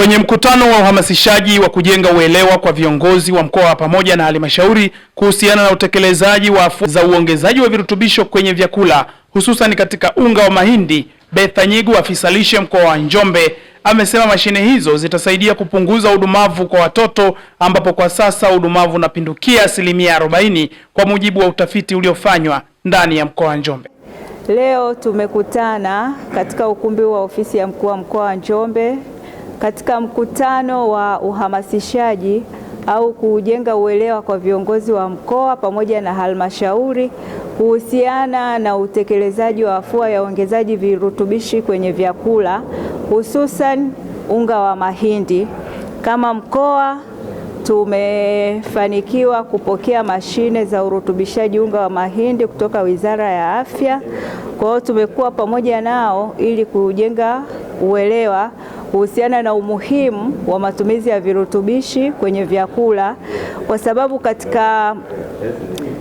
Kwenye mkutano wa uhamasishaji wa kujenga uelewa kwa viongozi wa mkoa pamoja na halmashauri kuhusiana na utekelezaji wa za uongezaji wa virutubisho kwenye vyakula hususan katika unga wa mahindi, Betha Nyigu, afisa lishe mkoa wa Njombe, amesema mashine hizo zitasaidia kupunguza udumavu kwa watoto ambapo kwa sasa udumavu unapindukia asilimia 40 kwa mujibu wa utafiti uliofanywa ndani ya mkoa wa Njombe. Leo tumekutana katika ukumbi wa ofisi ya mkuu wa mkoa wa Njombe katika mkutano wa uhamasishaji au kujenga uelewa kwa viongozi wa mkoa pamoja na halmashauri kuhusiana na utekelezaji wa afua ya uongezaji virutubishi kwenye vyakula hususan unga wa mahindi. Kama mkoa tumefanikiwa kupokea mashine za urutubishaji unga wa mahindi kutoka Wizara ya Afya. Kwa hiyo tumekuwa pamoja nao ili kujenga uelewa kuhusiana na umuhimu wa matumizi ya virutubishi kwenye vyakula kwa sababu katika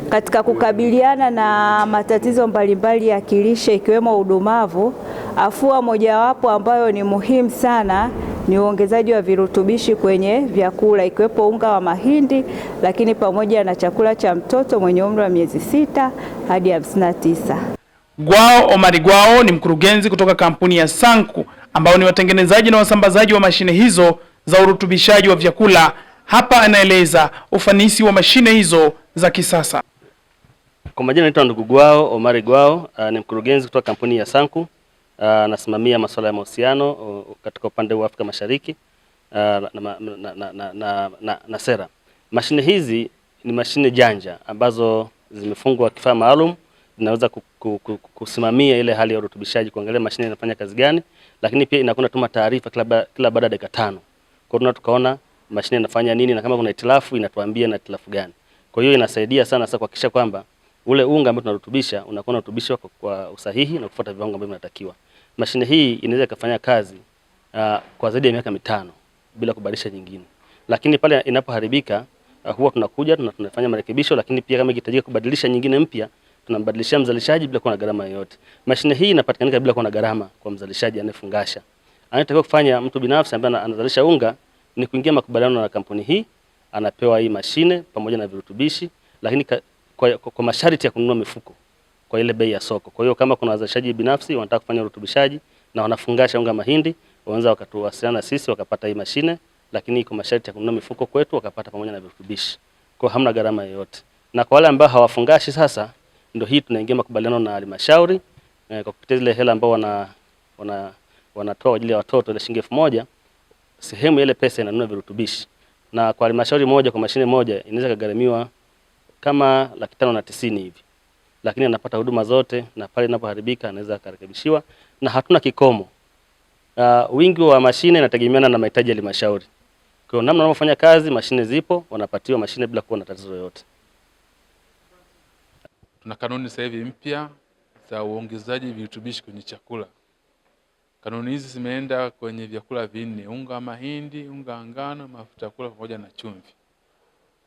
katika kukabiliana na matatizo mbalimbali ya kilishe ikiwemo udumavu, afua mojawapo ambayo ni muhimu sana ni uongezaji wa virutubishi kwenye vyakula ikiwepo unga wa mahindi, lakini pamoja na chakula cha mtoto mwenye umri wa miezi sita hadi 59 Gwao Omari Gwao ni mkurugenzi kutoka kampuni ya Sanku ambao ni watengenezaji na wasambazaji wa mashine hizo za urutubishaji wa vyakula. Hapa anaeleza ufanisi wa mashine hizo za kisasa. Kwa majina naitwa ndugu Gwao Omari Gwao. Ah, ni mkurugenzi kutoka kampuni ya Sanku. anasimamia ah, masuala ya mahusiano uh, katika upande wa Afrika Mashariki ah, na, na, na, na, na, na, na sera. Mashine hizi ni mashine janja ambazo zimefungwa kifaa maalum, zinaweza kusimamia ile hali ya urutubishaji, kuangalia mashine inafanya kazi gani lakini pia inakuwa tuma taarifa kila, kila baada ya dakika tano. Kwa hiyo tukaona mashine inafanya nini na kama kuna itilafu inatuambia na itilafu gani. Kwa hiyo inasaidia sana sasa kuhakikisha kwamba ule unga ambao tunarutubisha unakuwa unarutubishwa kwa usahihi na kufuata viwango ambavyo vinatakiwa. Mashine hii inaweza kufanya kazi uh, kwa zaidi ya miaka mitano bila kubadilisha nyingine, lakini pale inapoharibika uh, huwa tunakuja tunafanya marekebisho, lakini pia kama ikihitajika kubadilisha nyingine mpya tunambadilishia mzalishaji bila kuwa na gharama yoyote. Mashine hii inapatikana bila kuwa na gharama kwa mzalishaji anayefungasha. Anayetakiwa kufanya mtu binafsi ambaye anazalisha unga ni kuingia makubaliano na kampuni hii, anapewa hii mashine pamoja na virutubishi, lakini ka, kwa, kwa, kwa masharti ya kununua mifuko kwa ile bei ya soko. Kwa hiyo kama kuna wazalishaji binafsi wanataka kufanya urutubishaji na wanafungasha unga mahindi, wanaweza wakatuwasiliana na sisi wakapata hii mashine, lakini iko masharti ya kununua mifuko kwetu, wakapata pamoja na virutubishi. Kwa hamna gharama yoyote. Na kwa wale ambao hawafungashi sasa ndio hii tunaingia makubaliano na halmashauri eh, kwa kupitia zile hela ambao wana wana wanatoa kwa ajili ya watoto ile shilingi elfu moja sehemu ile pesa inanunua virutubishi, na kwa halmashauri moja kwa mashine moja inaweza kagharamiwa kama laki tano na tisini hivi, lakini anapata huduma zote na pale inapoharibika anaweza akarekebishiwa na hatuna kikomo. Uh, wingi wa mashine inategemeana na mahitaji ya halmashauri. Kwa hiyo namna wanavyofanya kazi, mashine zipo, wanapatiwa mashine bila kuwa na tatizo yoyote. Tuna kanuni sasa hivi mpya za uongezaji virutubishi kwenye chakula. Kanuni hizi zimeenda kwenye vyakula vinne: unga wa mahindi, unga wa ngano, mafuta ya kula pamoja na chumvi.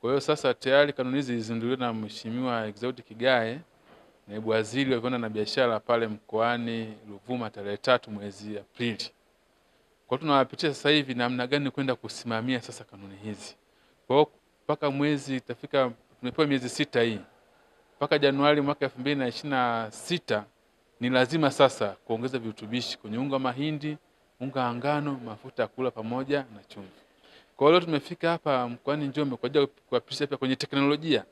Kwa hiyo sasa tayari kanuni hizi zilizinduliwa na Mheshimiwa Exaud Kigae, naibu waziri wa viwanda na biashara pale mkoani Ruvuma tarehe tatu mwezi Aprili. Kwa tunawapitia sasa hivi namna gani kwenda kusimamia sasa kanuni hizi. Kwa hiyo mpaka mwezi itafika, tumepewa miezi sita hii mpaka Januari mwaka elfu mbili na ishirini na sita ni lazima sasa kuongeza virutubishi kwenye unga wa mahindi, unga wa ngano, mafuta ya kula pamoja na chumvi. Kwa hiyo tumefika hapa mkoani Njombe kwa ajili ya kuwapitisha pia kwenye teknolojia.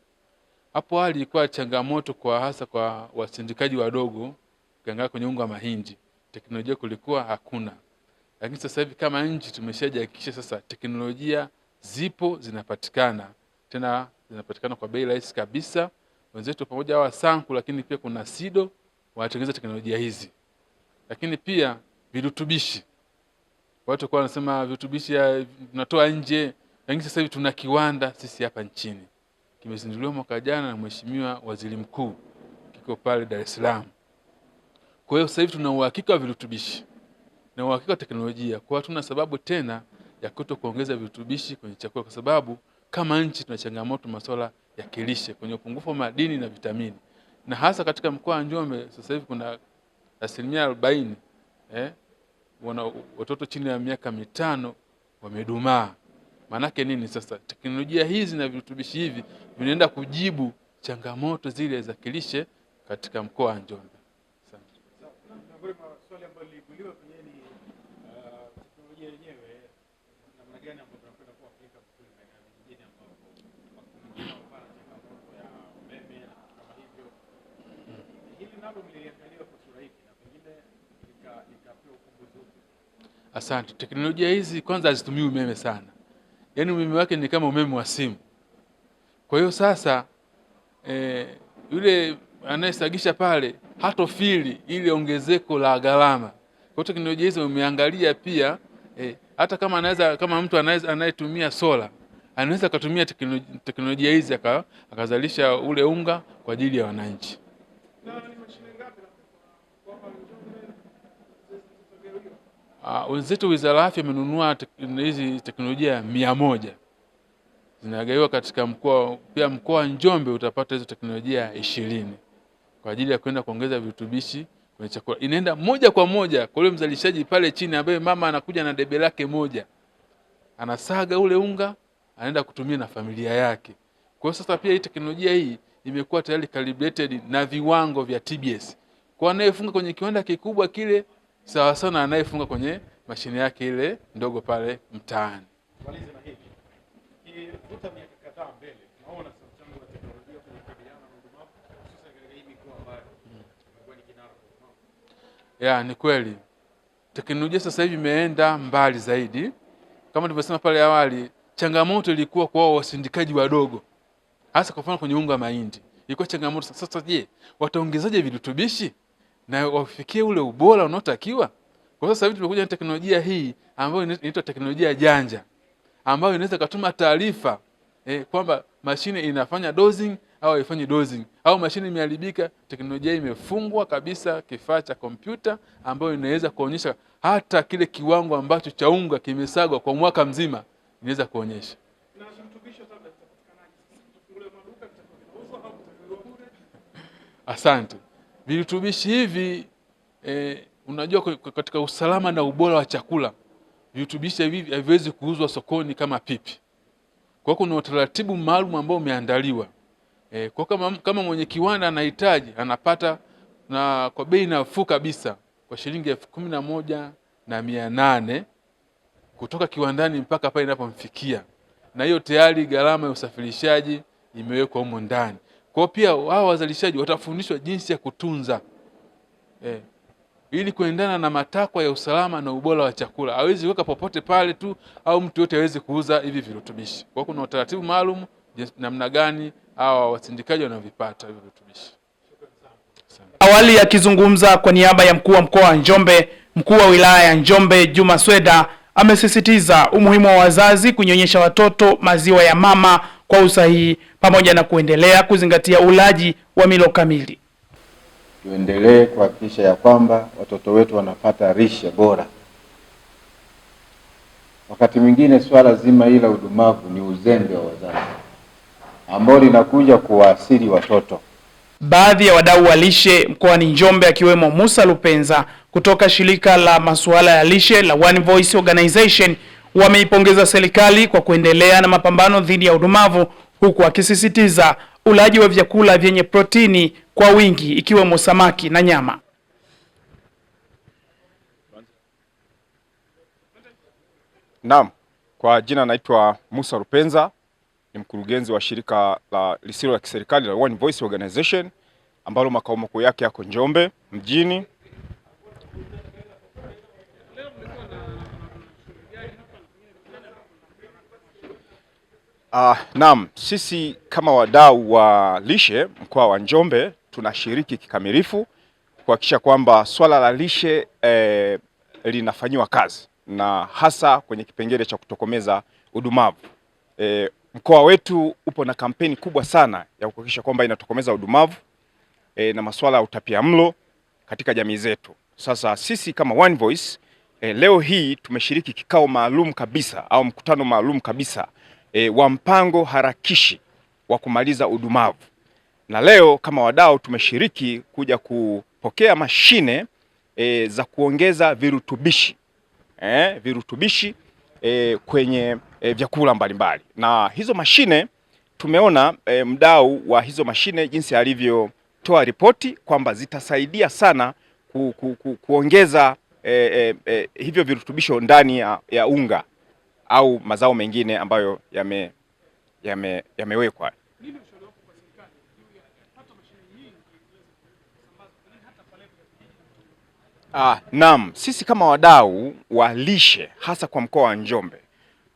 Hapo awali ilikuwa changamoto kwa hasa kwa wasindikaji wadogo, ukiangalia kwenye unga wa mahindi teknolojia kulikuwa hakuna, lakini sasa hivi kama nchi tumeshajihakikisha sasa teknolojia zipo zinapatikana, tena zinapatikana kwa bei rahisi kabisa wenzetu pamoja hawa Sanku, lakini pia kuna Sido wanatengeneza teknolojia hizi, lakini pia virutubishi watu kwa wanasema virutubishi tunatoa ah, nje, lakini sasa hivi tuna kiwanda sisi hapa nchini, kimezinduliwa mwaka jana na Mheshimiwa Waziri Mkuu, kiko pale Dar es Salaam. Kwa hiyo sasa hivi tuna uhakika wa virutubishi na uhakika wa teknolojia, kwa hatuna sababu tena ya kuto kuongeza virutubishi kwenye chakula, kwa sababu kama nchi tuna changamoto masuala ya kilishe kwenye upungufu wa madini na vitamini, na hasa katika mkoa wa Njombe sasa hivi kuna asilimia arobaini eh, wana watoto chini ya miaka mitano wamedumaa. Maanake nini? Sasa teknolojia hizi na virutubishi hivi vinaenda kujibu changamoto zile za kilishe katika mkoa wa Njombe. Asante. Teknolojia hizi kwanza hazitumii umeme sana, yaani umeme wake ni kama umeme wa simu. Kwa hiyo sasa e, yule anayesagisha pale hatofili ile ongezeko la gharama. Kwa teknolojia hizi umeangalia pia e, hata kama anaweza kama mtu anayetumia sola anaweza akatumia teknolojia hizi akazalisha ule unga kwa ajili ya wananchi. Uh, wenzetu Wizara ya Afya imenunua hizi te teknolojia mia moja zinagaiwa katika mkoa pia. Mkoa wa Njombe utapata hizo teknolojia ishirini kwa ajili ya kwenda kuongeza virutubishi kwenye chakula. Inaenda moja kwa moja kwa yule mzalishaji pale chini, ambaye mama anakuja na debe lake moja, anasaga ule unga, anaenda kutumia na familia yake. Kwa hiyo sasa pia hii teknolojia hii imekuwa tayari calibrated na viwango vya TBS, kwa anayefunga kwenye kiwanda kikubwa kile sawa na anayefunga kwenye mashine yake ile ndogo pale mtaani. Ya, ni kweli teknolojia sasa hivi imeenda mbali zaidi. Kama tulivyosema pale awali, changamoto ilikuwa kwa wasindikaji wadogo, hasa kwa mfano kwenye unga wa mahindi ilikuwa changamoto. Sasa je, wataongezaje virutubishi? na wafikie ule ubora unaotakiwa. Kwa sasa hivi tumekuja na teknolojia hii ambayo inaitwa teknolojia janja ambayo inaweza katuma taarifa eh, kwamba mashine inafanya dosing au haifanyi dosing au mashine imeharibika. Teknolojia imefungwa kabisa kifaa cha kompyuta ambayo inaweza kuonyesha hata kile kiwango ambacho cha unga kimesagwa kwa mwaka mzima, inaweza kuonyesha asante. Virutubishi hivi e, unajua katika usalama na ubora wa chakula virutubishi hivi haviwezi kuuzwa sokoni kama pipi. Kwa hiyo kuna utaratibu maalum ambao umeandaliwa e, kwa kama, kama mwenye kiwanda anahitaji anapata na kwa bei nafuu kabisa kwa shilingi elfu kumi na moja na mia nane kutoka kiwandani mpaka pale inapomfikia, na hiyo tayari gharama ya usafirishaji imewekwa humo ndani. Kwa pia hao wazalishaji watafundishwa jinsi ya kutunza eh, ili kuendana na matakwa ya usalama na ubora wa chakula. Hawezi weka popote pale tu, au mtu yote hawezi kuuza hivi virutubishi. Kwa kuna utaratibu maalum namna gani hawa wasindikaji wanavipata hivi virutubishi. Awali akizungumza kwa niaba ya mkuu wa mkoa wa Njombe, mkuu wa wilaya ya Njombe Juma Sweda amesisitiza umuhimu wa wazazi kunyonyesha watoto maziwa ya mama kwa usahihi pamoja na kuendelea kuzingatia ulaji wa milo kamili. Tuendelee kuhakikisha ya kwamba watoto wetu wanapata lishe bora. Wakati mwingine swala zima hili la udumavu ni uzembe wa wazazi ambao linakuja kuwaasiri watoto. Baadhi ya wadau wa lishe mkoani Njombe akiwemo Musa Lupenza kutoka shirika la masuala ya lishe la One Voice Organization wameipongeza serikali kwa kuendelea na mapambano dhidi ya udumavu, huku akisisitiza ulaji wa vyakula vyenye protini kwa wingi ikiwemo samaki na nyama. Naam, kwa jina naitwa Musa Rupenza, ni mkurugenzi wa shirika la lisilo la kiserikali la One Voice Organization ambalo makao makuu yake yako Njombe mjini. Uh, naam, sisi kama wadau wa lishe mkoa wa Njombe tunashiriki kikamilifu kuhakikisha kwamba swala la lishe eh, linafanyiwa kazi na hasa kwenye kipengele cha kutokomeza udumavu. Eh, mkoa wetu upo na kampeni kubwa sana ya kuhakikisha kwamba inatokomeza udumavu eh, na masuala ya utapiamlo katika jamii zetu. Sasa sisi kama One Voice eh, leo hii tumeshiriki kikao maalum kabisa au mkutano maalum kabisa e, wa mpango harakishi wa kumaliza udumavu, na leo kama wadau tumeshiriki kuja kupokea mashine e, za kuongeza virutubishi e, virutubishi e, kwenye e, vyakula mbalimbali Na hizo mashine tumeona e, mdau wa hizo mashine jinsi alivyotoa ripoti kwamba zitasaidia sana ku, ku, ku, kuongeza e, e, e hivyo virutubisho ndani ya, ya unga au mazao mengine ambayo yame yame yamewekwa. Ah, naam, sisi kama wadau wa lishe hasa kwa mkoa wa Njombe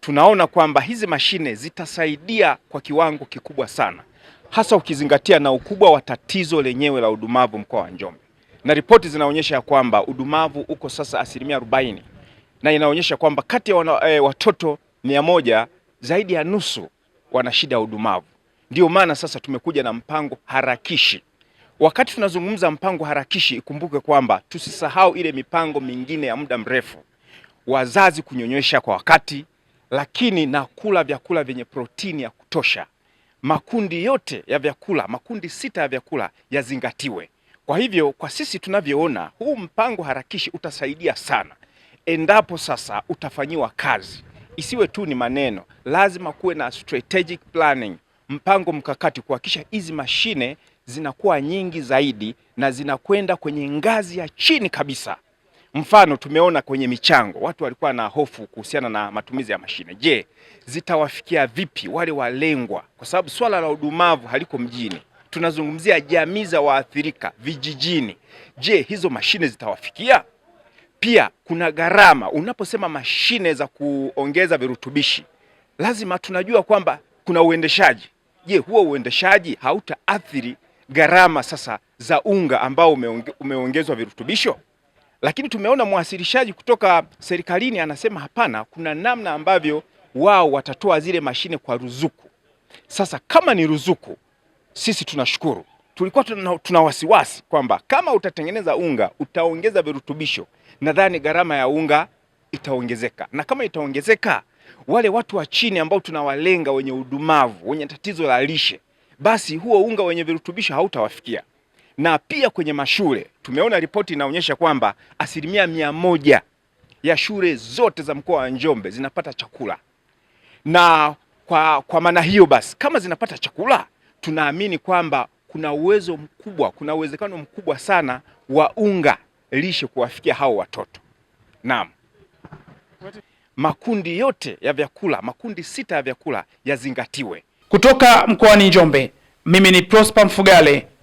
tunaona kwamba hizi mashine zitasaidia kwa kiwango kikubwa sana, hasa ukizingatia na ukubwa wa tatizo lenyewe la udumavu mkoa wa Njombe, na ripoti zinaonyesha ya kwamba udumavu uko sasa asilimia arobaini na inaonyesha kwamba kati ya e, watoto mia moja zaidi ya nusu wana shida ya udumavu. Ndiyo maana sasa tumekuja na mpango harakishi. Wakati tunazungumza mpango harakishi, ikumbuke kwamba tusisahau ile mipango mingine ya muda mrefu, wazazi kunyonyesha kwa wakati, lakini na kula vyakula vyenye protini ya kutosha. Makundi yote ya vyakula, makundi sita ya vyakula yazingatiwe. Kwa hivyo, kwa sisi tunavyoona, huu mpango harakishi utasaidia sana endapo sasa utafanyiwa kazi, isiwe tu ni maneno, lazima kuwe na strategic planning, mpango mkakati kuhakikisha hizi mashine zinakuwa nyingi zaidi na zinakwenda kwenye ngazi ya chini kabisa. Mfano, tumeona kwenye michango watu walikuwa na hofu kuhusiana na matumizi ya mashine. Je, zitawafikia vipi wale walengwa? Kwa sababu swala la udumavu haliko mjini, tunazungumzia jamii za waathirika vijijini. Je, hizo mashine zitawafikia? Pia kuna gharama. Unaposema mashine za kuongeza virutubishi, lazima tunajua kwamba kuna uendeshaji. Je, huo uendeshaji hautaathiri gharama sasa za unga ambao umeonge, umeongezwa virutubisho? Lakini tumeona mwasilishaji kutoka serikalini anasema hapana, kuna namna ambavyo wao watatoa zile mashine kwa ruzuku. Sasa kama ni ruzuku, sisi tunashukuru. Tulikuwa tuna, tuna wasiwasi kwamba kama utatengeneza unga utaongeza virutubisho nadhani gharama ya unga itaongezeka, na kama itaongezeka, wale watu wa chini ambao tunawalenga, wenye udumavu, wenye tatizo la lishe, basi huo unga wenye virutubisho hautawafikia. Na pia kwenye mashule tumeona ripoti inaonyesha kwamba asilimia mia moja ya shule zote za mkoa wa Njombe zinapata chakula, na kwa, kwa maana hiyo basi kama zinapata chakula, tunaamini kwamba kuna uwezo mkubwa, kuna uwezekano mkubwa sana wa unga lishe kuwafikia hao watoto. Naam, makundi yote ya vyakula, makundi sita ya vyakula yazingatiwe. Kutoka mkoani Njombe, mimi ni Prosper Mfugale.